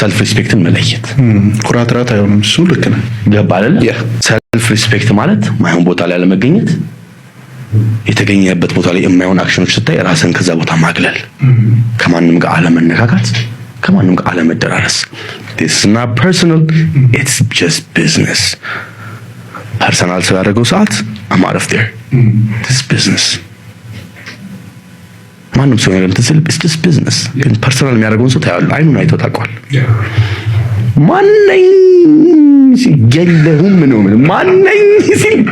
ሰልፍ ሪስፔክትን መለየት ኩራት ራት አይሆንም። እሱ ልክ ነው። አይደል? ሰልፍ ሪስፔክት ማለት ማይሆን ቦታ ላይ አለመገኘት፣ የተገኘበት ቦታ ላይ የማይሆን አክሽኖች ስታይ ራስን ከዛ ቦታ ማግለል፣ ከማንም ጋር አለመነካካት፣ ከማንም ጋር አለመደራረስ። ስ ና ፐርሰናል ስ ጀስት ቢዝነስ ፐርሰናል ስላደረገው ሰዓት አማረፍ ዴር ስ ቢዝነስ ማንም ሰው ያለም ትስል ስስ ቢዝነስ ግን ፐርሰናል የሚያደርገውን ሰው ታያሉ። አይኑን አይተው ታውቋል። ማነኝ የለሁም ነው ምን ማነኝ ሲል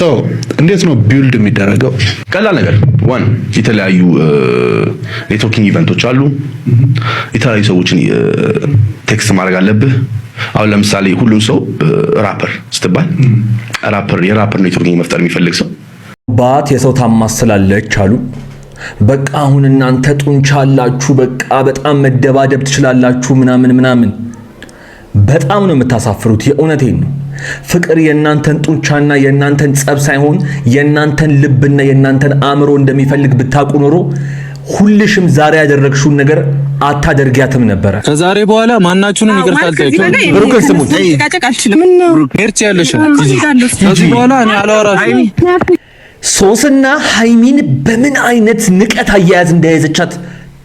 ሰው እንዴት ነው ቢውልድ የሚደረገው? ቀላል ነገር ዋን የተለያዩ ኔትወርኪንግ uh, ኢቨንቶች አሉ። የተለያዩ ሰዎችን ቴክስት uh, ማድረግ አለብህ። አሁን ለምሳሌ ሁሉም ሰው ራፐር uh, ስትባል ራፐር mm. የራፐር ኔትወርኪንግ መፍጠር የሚፈልግ ሰው አባት የሰው ታማስላለች አሉ። በቃ አሁን እናንተ ጡንቻ አላችሁ፣ በቃ በጣም መደባደብ ትችላላችሁ፣ ምናምን ምናምን። በጣም ነው የምታሳፍሩት። የእውነቴን ነው። ፍቅር የእናንተን ጡንቻና የእናንተን ጸብ ሳይሆን የእናንተን ልብና የእናንተን አእምሮ እንደሚፈልግ ብታውቁ ኖሮ ሁልሽም ዛሬ ያደረግሽውን ነገር አታደርጊያትም ነበረ። ከዛሬ በኋላ ማናችሁንም ይቅርታ አልጠየቅም። ብሩክን ስሙት። ምርት ያለሽ ከዚህ በኋላ እኔ አላወራሽም። ሶስና ሃይሚን በምን አይነት ንቀት አያያዝ እንደያዘቻት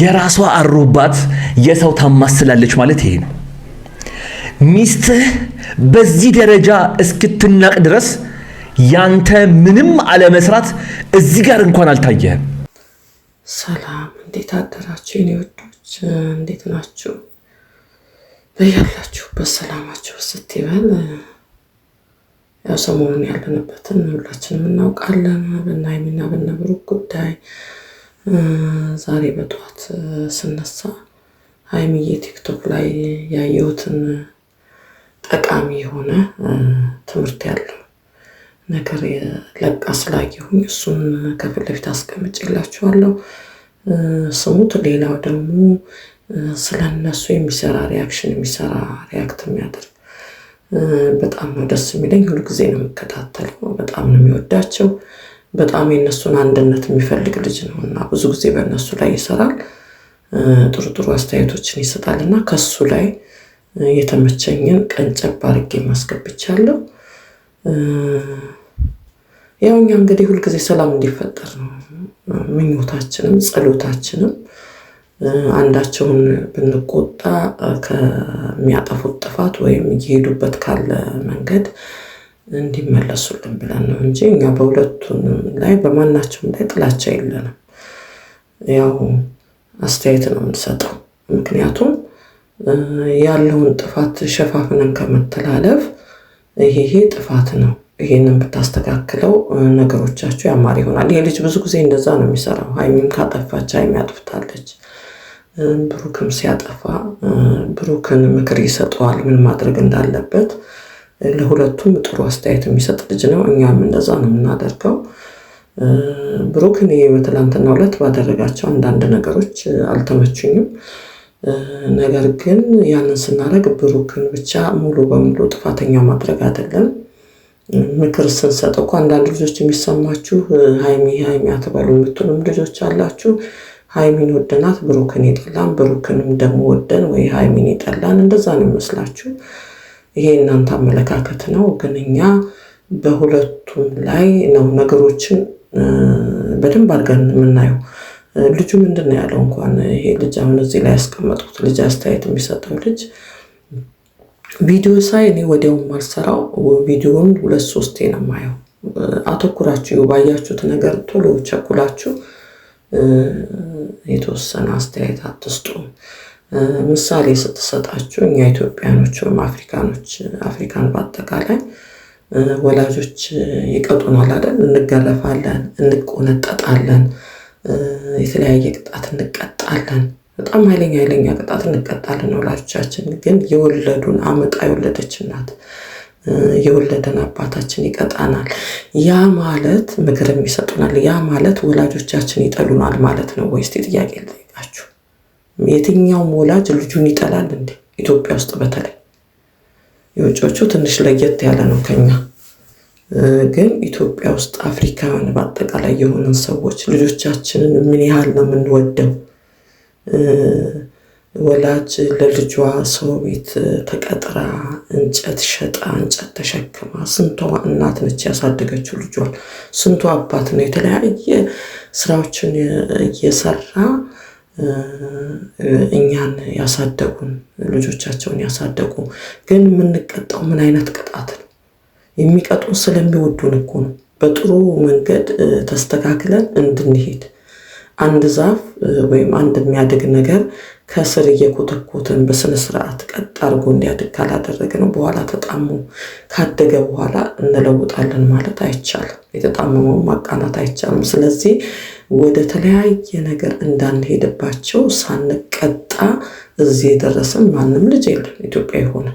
የራሷ አሩባት የሰው ታማስላለች ማለት ይሄ ነው። ሚስትህ በዚህ ደረጃ እስክትናቅ ድረስ ያንተ ምንም አለመስራት እዚህ ጋር እንኳን አልታየህም። ሰላም፣ እንዴት አደራችሁ የኔ ወዶች? እንዴት ናችሁ? በያላችሁበት ሰላማችሁ ስትበል ያው ሰሞኑን ያለንበትን ሁላችንም እናውቃለን። በነ ሀይሚና በነ ጉዳይ ዛሬ በጠዋት ስነሳ ሀይሚዬ ቲክቶክ ላይ ያየሁትን ጠቃሚ የሆነ ትምህርት ያለው ነገር ለቃ ስላየሁኝ እሱን ከፊት ለፊት አስቀምጬላችኋለሁ። ስሙት። ሌላው ደግሞ ስለነሱ የሚሰራ ሪያክሽን የሚሰራ ሪያክት የሚያደርግ በጣም ነው ደስ የሚለኝ። ሁልጊዜ ነው የምከታተለው። በጣም ነው የሚወዳቸው። በጣም የእነሱን አንድነት የሚፈልግ ልጅ ነው እና ብዙ ጊዜ በእነሱ ላይ ይሰራል፣ ጥሩ ጥሩ አስተያየቶችን ይሰጣል እና ከሱ ላይ የተመቸኝን ቀንጨብ አድርጌ ማስገብቻለሁ። ያው እኛ እንግዲህ ሁልጊዜ ሰላም እንዲፈጠር ነው ምኞታችንም ጸሎታችንም። አንዳቸውን ብንቆጣ ከሚያጠፉት ጥፋት ወይም እየሄዱበት ካለ መንገድ እንዲመለሱልን ብለን ነው እንጂ እኛ በሁለቱንም ላይ በማናቸውም ላይ ጥላቻ የለንም። ያው አስተያየት ነው የምንሰጠው። ምክንያቱም ያለውን ጥፋት ሸፋፍነን ከመተላለፍ ይሄ ጥፋት ነው፣ ይሄንን ብታስተካክለው ነገሮቻቸው ያማር ይሆናል። ይሄ ልጅ ብዙ ጊዜ እንደዛ ነው የሚሰራው። ሀይሚም ካጠፋች ሀይሚ ያጥፍታለች፣ ብሩክም ሲያጠፋ ብሩክን ምክር ይሰጠዋል ምን ማድረግ እንዳለበት ለሁለቱም ጥሩ አስተያየት የሚሰጥ ልጅ ነው። እኛም እንደዛ ነው የምናደርገው። ብሩክ እኔ በትላንትና ሁለት ባደረጋቸው አንዳንድ ነገሮች አልተመቹኝም። ነገር ግን ያንን ስናደርግ ብሩክን ብቻ ሙሉ በሙሉ ጥፋተኛ ማድረግ አይደለም። ምክር ስንሰጥ እኮ አንዳንድ ልጆች የሚሰማችሁ ሀይሚ ሀይሚ አትበሉ የምትሉም ልጆች አላችሁ። ሀይሚን ወደናት ብሩክን የጠላን፣ ብሩክንም ደግሞ ወደን ወይ ሀይሚን የጠላን እንደዛ ነው ይመስላችሁ። ይሄ እናንተ አመለካከት ነው፣ ግን እኛ በሁለቱም ላይ ነው ነገሮችን በደንብ አድርገን የምናየው። ልጁ ምንድን ነው ያለው? እንኳን ይሄ ልጅ አሁን እዚህ ላይ ያስቀመጥኩት ልጅ አስተያየት የሚሰጠው ልጅ ቪዲዮ ሳይ እኔ ወዲያውን ማልሰራው ቪዲዮውን ሁለት ሶስቴ ነው ማየው። አተኩራችሁ ባያችሁት ነገር ቶሎ ቸኩላችሁ የተወሰነ አስተያየት አትስጡ። ምሳሌ ስትሰጣችሁ እኛ ኢትዮጵያኖችም አፍሪካኖች አፍሪካን በአጠቃላይ ወላጆች ይቀጡናል አይደል? እንገረፋለን፣ እንቆነጠጣለን፣ የተለያየ ቅጣት እንቀጣለን። በጣም ኃይለኛ ኃይለኛ ቅጣት እንቀጣለን። ወላጆቻችን ግን የወለዱን አመጣ የወለደች እናት የወለደን አባታችን ይቀጣናል። ያ ማለት ምክርም ይሰጡናል። ያ ማለት ወላጆቻችን ይጠሉናል ማለት ነው ወይስ? ጥያቄ ልጠይቃችሁ። የትኛውም ወላጅ ልጁን ይጠላል እንዴ? ኢትዮጵያ ውስጥ በተለይ የውጮቹ ትንሽ ለየት ያለ ነው ከኛ። ግን ኢትዮጵያ ውስጥ አፍሪካን በአጠቃላይ የሆነን ሰዎች ልጆቻችንን ምን ያህል ነው የምንወደው? ወላጅ ለልጇ ሰው ቤት ተቀጥራ እንጨት ሸጣ እንጨት ተሸክማ ስንቷ እናት ነች ያሳደገችው ልጇን፣ ስንቷ አባት ነው የተለያየ ስራዎችን እየሰራ እኛን ያሳደጉን ልጆቻቸውን ያሳደጉ ግን የምንቀጣው ምን አይነት ቅጣት ነው? የሚቀጡን ስለሚወዱን እኮ ነው። በጥሩ መንገድ ተስተካክለን እንድንሄድ አንድ ዛፍ ወይም አንድ የሚያድግ ነገር ከስር እየኮተኮትን በስነ ስርዓት ቀጥ አድርጎ እንዲያድግ ካላደረገ ነው በኋላ ተጣሞ ካደገ በኋላ እንለውጣለን ማለት አይቻልም። የተጣመመውን ማቃናት አይቻልም። ስለዚህ ወደ ተለያየ ነገር እንዳንሄድባቸው ሳንቀጣ እዚህ የደረሰን ማንም ልጅ የለም። ኢትዮጵያ የሆነ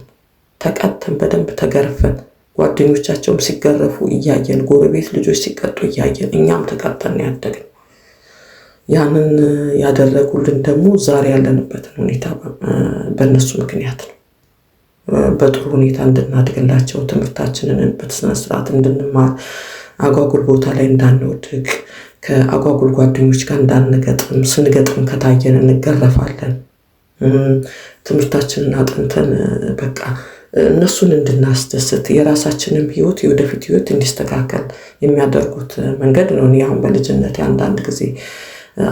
ተቀተን በደንብ ተገርፈን ጓደኞቻቸውም ሲገረፉ እያየን፣ ጎረቤት ልጆች ሲቀጡ እያየን እኛም ተቀጠን ያደግን። ያንን ያደረጉልን ደግሞ ዛሬ ያለንበትን ሁኔታ በእነሱ ምክንያት ነው። በጥሩ ሁኔታ እንድናድግላቸው ትምህርታችንን በስነስርዓት እንድንማር አጓጉል ቦታ ላይ እንዳንወድቅ ከአጓጉል ጓደኞች ጋር እንዳንገጥም፣ ስንገጥም ከታየን እንገረፋለን። ትምህርታችንን አጥንተን በቃ እነሱን እንድናስደስት የራሳችንም ህይወት የወደፊት ህይወት እንዲስተካከል የሚያደርጉት መንገድ ነው። እኔ አሁን በልጅነት አንዳንድ ጊዜ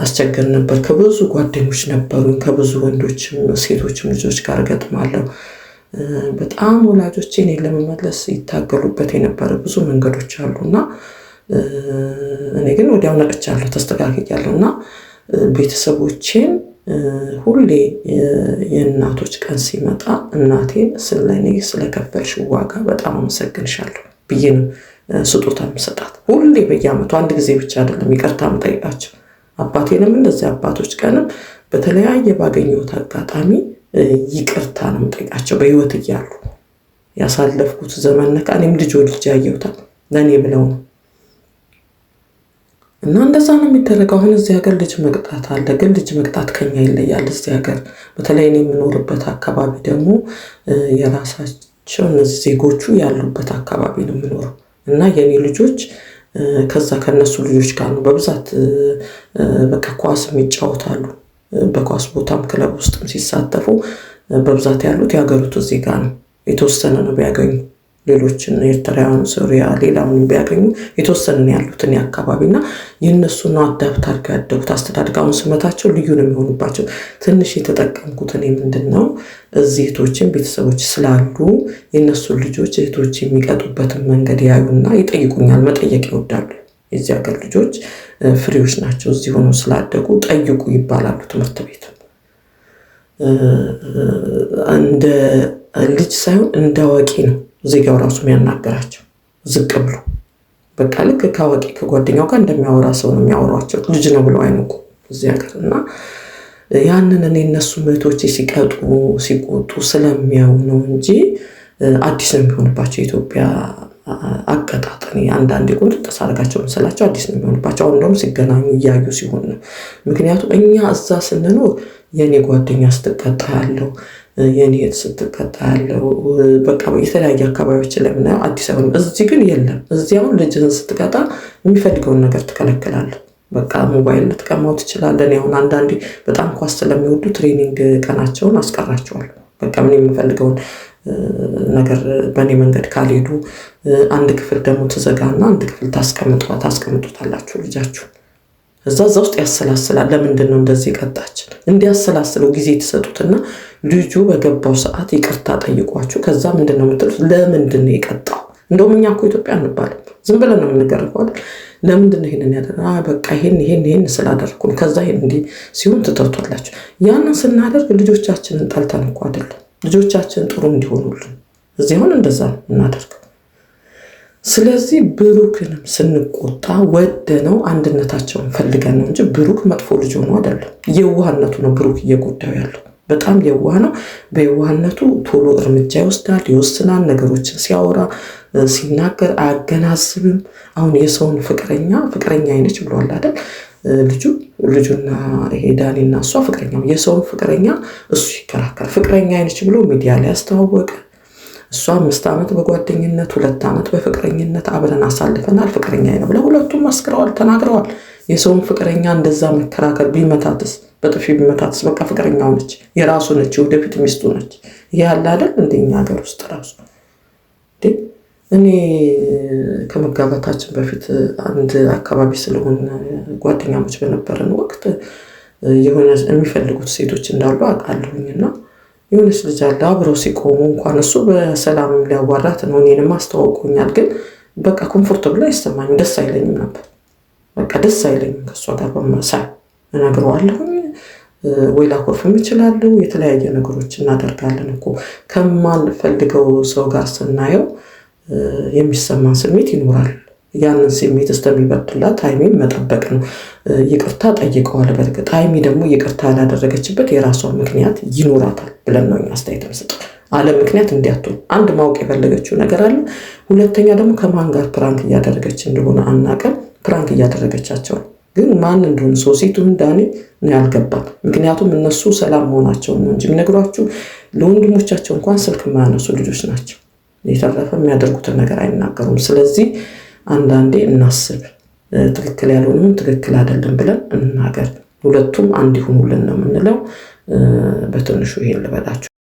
አስቸገር ነበር። ከብዙ ጓደኞች ነበሩኝ። ከብዙ ወንዶችም ሴቶችም ልጆች ጋር ገጥማለሁ። በጣም ወላጆቼ እኔን ለመመለስ ይታገሉበት የነበረ ብዙ መንገዶች አሉና እኔ ግን ወዲያው ነቅቻለሁ፣ ተስተካክያለሁ እና ቤተሰቦቼን ሁሌ የእናቶች ቀን ሲመጣ እናቴን ስለኔ ስለከፈልሽ ዋጋ በጣም አመሰግንሻለሁ ብዬ ነው ስጦታ የምሰጣት። ሁሌ በየአመቱ አንድ ጊዜ ብቻ አይደለም ይቅርታ የምጠይቃቸው። አባቴንም እንደዚህ አባቶች ቀንም በተለያየ ባገኘሁት አጋጣሚ ይቅርታ ነው የምጠይቃቸው። በህይወት እያሉ ያሳለፍኩት ዘመን ነካ እኔም ልጅ ወልጄ ለእኔ ብለው ነው እና እንደዛ ነው የሚደረገው። አሁን እዚህ ሀገር ልጅ መቅጣት አለ፣ ግን ልጅ መቅጣት ከኛ ይለያል። እዚህ ሀገር በተለይ እኔ የምኖርበት አካባቢ ደግሞ የራሳቸው እነዚህ ዜጎቹ ያሉበት አካባቢ ነው የምኖረው እና የኔ ልጆች ከዛ ከነሱ ልጆች ጋር ነው በብዛት በቃ ኳስም ይጫወታሉ። በኳስ ቦታም ክለብ ውስጥም ሲሳተፉ በብዛት ያሉት የሀገሪቱ ዜጋ ነው። የተወሰነ ነው ቢያገኙ ሌሎችን ኤርትራውያን፣ ሶሪያ፣ ሌላውን ቢያገኙ ያሉት ያሉትን አካባቢ እና የእነሱ ነው አዳብት አድርገ ያደጉት አስተዳድጋውን ስመታቸው ልዩ ነው የሚሆኑባቸው። ትንሽ የተጠቀምኩት እኔ ምንድን ነው እዚህ እህቶችን ቤተሰቦች ስላሉ የእነሱን ልጆች እህቶች የሚቀጡበትን መንገድ ያዩና ይጠይቁኛል። መጠየቅ ይወዳሉ። የዚህ ሀገር ልጆች ፍሬዎች ናቸው። እዚህ ሆኖ ስላደጉ ጠይቁ ይባላሉ ትምህርት ቤት እንደ ልጅ ሳይሆን እንደ አዋቂ ነው። ዜጋው ራሱ የሚያናገራቸው ዝቅ ብሎ በቃ ልክ ከአዋቂ ከጓደኛው ጋር እንደሚያወራ ሰው ነው የሚያወሯቸው። ልጅ ነው ብለው አይንቁ እዚህ ሀገር እና ያንን እኔ እነሱ ምህቶች ሲቀጡ ሲቆጡ ስለሚያው ነው እንጂ አዲስ ነው የሚሆንባቸው የኢትዮጵያ አቀጣጠን አንዳንድ ቁንጥጥ ሳደርጋቸው ምስላቸው አዲስ ነው የሚሆንባቸው። አሁን ደግሞ ሲገናኙ እያዩ ሲሆን ነው። ምክንያቱም እኛ እዛ ስንኖር የእኔ ጓደኛ ስትቀጣ ያለው የኔት ስትቀጣ ያለው በቃ የተለያየ አካባቢዎች ላይ ምናየው አዲስ አበባ እዚህ ግን የለም። እዚህ አሁን ልጅህን ስትቀጣ የሚፈልገውን ነገር ትከለክላለህ። በቃ ሞባይል ልትቀማው ትችላለን። ሁን አንዳንዴ በጣም ኳስ ስለሚወዱ ትሬኒንግ ቀናቸውን አስቀራቸዋል። በቃ ምን የምፈልገውን ነገር በእኔ መንገድ ካልሄዱ አንድ ክፍል ደግሞ ትዘጋና አንድ ክፍል ታስቀምጧ ታስቀምጡታላችሁ ልጃችሁን እዛ እዛ ውስጥ ያሰላስላል። ለምንድን ነው እንደዚህ ቀጣች እንዲያሰላስለው ጊዜ የተሰጡትና ልጁ በገባው ሰዓት ይቅርታ ጠይቋችሁ ከዛ ምንድን ነው የምትሉት? ለምንድን ነው የቀጣው? እንደውም እኛ እኮ ኢትዮጵያ እንባለን፣ ዝም ብለን ነው የምንገርፈው ለምንድን ነው ይሄንን ያደ በቃ ይሄን ይሄን ይሄን ስላደረግኩ ነው። ከዛ ይሄን እንዲህ ሲሆን ትተውቷላችሁ። ያንን ስናደርግ ልጆቻችንን ጠልተን እኮ አይደለም፣ ልጆቻችን ጥሩ እንዲሆኑልን እዚሁን እንደዛ እናደርግ ስለዚህ ብሩክንም ስንቆጣ ወደ ነው አንድነታቸውን ፈልገን ነው እንጂ ብሩክ መጥፎ ልጅ ሆኖ አይደለም። የዋህነቱ ነው ብሩክ እየጎዳው ያለው። በጣም የዋህ ነው። በየዋህነቱ ቶሎ እርምጃ ይወስዳል፣ ይወስናል። ነገሮችን ሲያወራ ሲናገር አያገናዝብም። አሁን የሰውን ፍቅረኛ ፍቅረኛ አይነች ብሏል አይደል? ልጁ ልጁና ይሄ ዳኒና እሷ ፍቅረኛ የሰውን ፍቅረኛ እሱ ይከራከራል። ፍቅረኛ አይነች ብሎ ሚዲያ ላይ ያስተዋወቀ እሷ አምስት ዓመት በጓደኝነት ሁለት ዓመት በፍቅረኝነት አብረን አሳልፈናል። ፍቅረኛ ነው ብለው ሁለቱም መስክረዋል፣ ተናግረዋል። የሰውን ፍቅረኛ እንደዛ መከራከር ቢመታትስ፣ በጥፊ ቢመታትስ፣ በቃ ፍቅረኛው ነች፣ የራሱ ነች፣ ወደፊት ሚስቱ ነች። ይህ ያለ አይደል እንደኛ ሀገር ውስጥ ራሱ እኔ ከመጋባታችን በፊት አንድ አካባቢ ስለሆነ ጓደኛሞች በነበረን ወቅት የሆነ የሚፈልጉት ሴቶች እንዳሉ አውቃለሁኝና የሆነች ልጅ አለ አብረው ሲቆሙ እንኳን እሱ በሰላም ሊያዋራት ነው። እኔንም አስተዋውቆኛል። ግን በቃ ኮንፎርት ብሎ አይሰማኝም፣ ደስ አይለኝም ነበር። በቃ ደስ አይለኝም ከእሷ ጋር በማሳይ እነግረዋለሁኝ ወይ ላኮርፍም እችላለሁ። የተለያየ ነገሮች እናደርጋለን እኮ ከማልፈልገው ሰው ጋር ስናየው የሚሰማን ስሜት ይኖራል። ያንን ስሜት እስከሚበርድላት ሀይሚን መጠበቅ ነው። ይቅርታ ጠይቀዋል። በእርግጥ ሀይሚ ደግሞ ይቅርታ ያላደረገችበት የራሷ ምክንያት ይኖራታል ብለን ነው አስተያየት ምስጥ አለ ምክንያት እንዲያቱ አንድ ማወቅ የፈለገችው ነገር አለ። ሁለተኛ ደግሞ ከማን ጋር ፕራንክ እያደረገች እንደሆነ አናቀም። ፕራንክ እያደረገቻቸው ግን ማን እንደሆነ ሰው ሴቱን ነው ያልገባል። ምክንያቱም እነሱ ሰላም መሆናቸው ነው እንጂ የሚነግሯችሁ ለወንድሞቻቸው እንኳን ስልክ የማያነሱ ልጆች ናቸው። የተረፈ የሚያደርጉትን ነገር አይናገሩም። ስለዚህ አንዳንዴ እናስብ፣ ትክክል ያልሆነውን ትክክል አይደለም ብለን እናገር። ሁለቱም አንድ ይሁኑልን ነው የምንለው። በትንሹ ይሄን ልበላችሁ።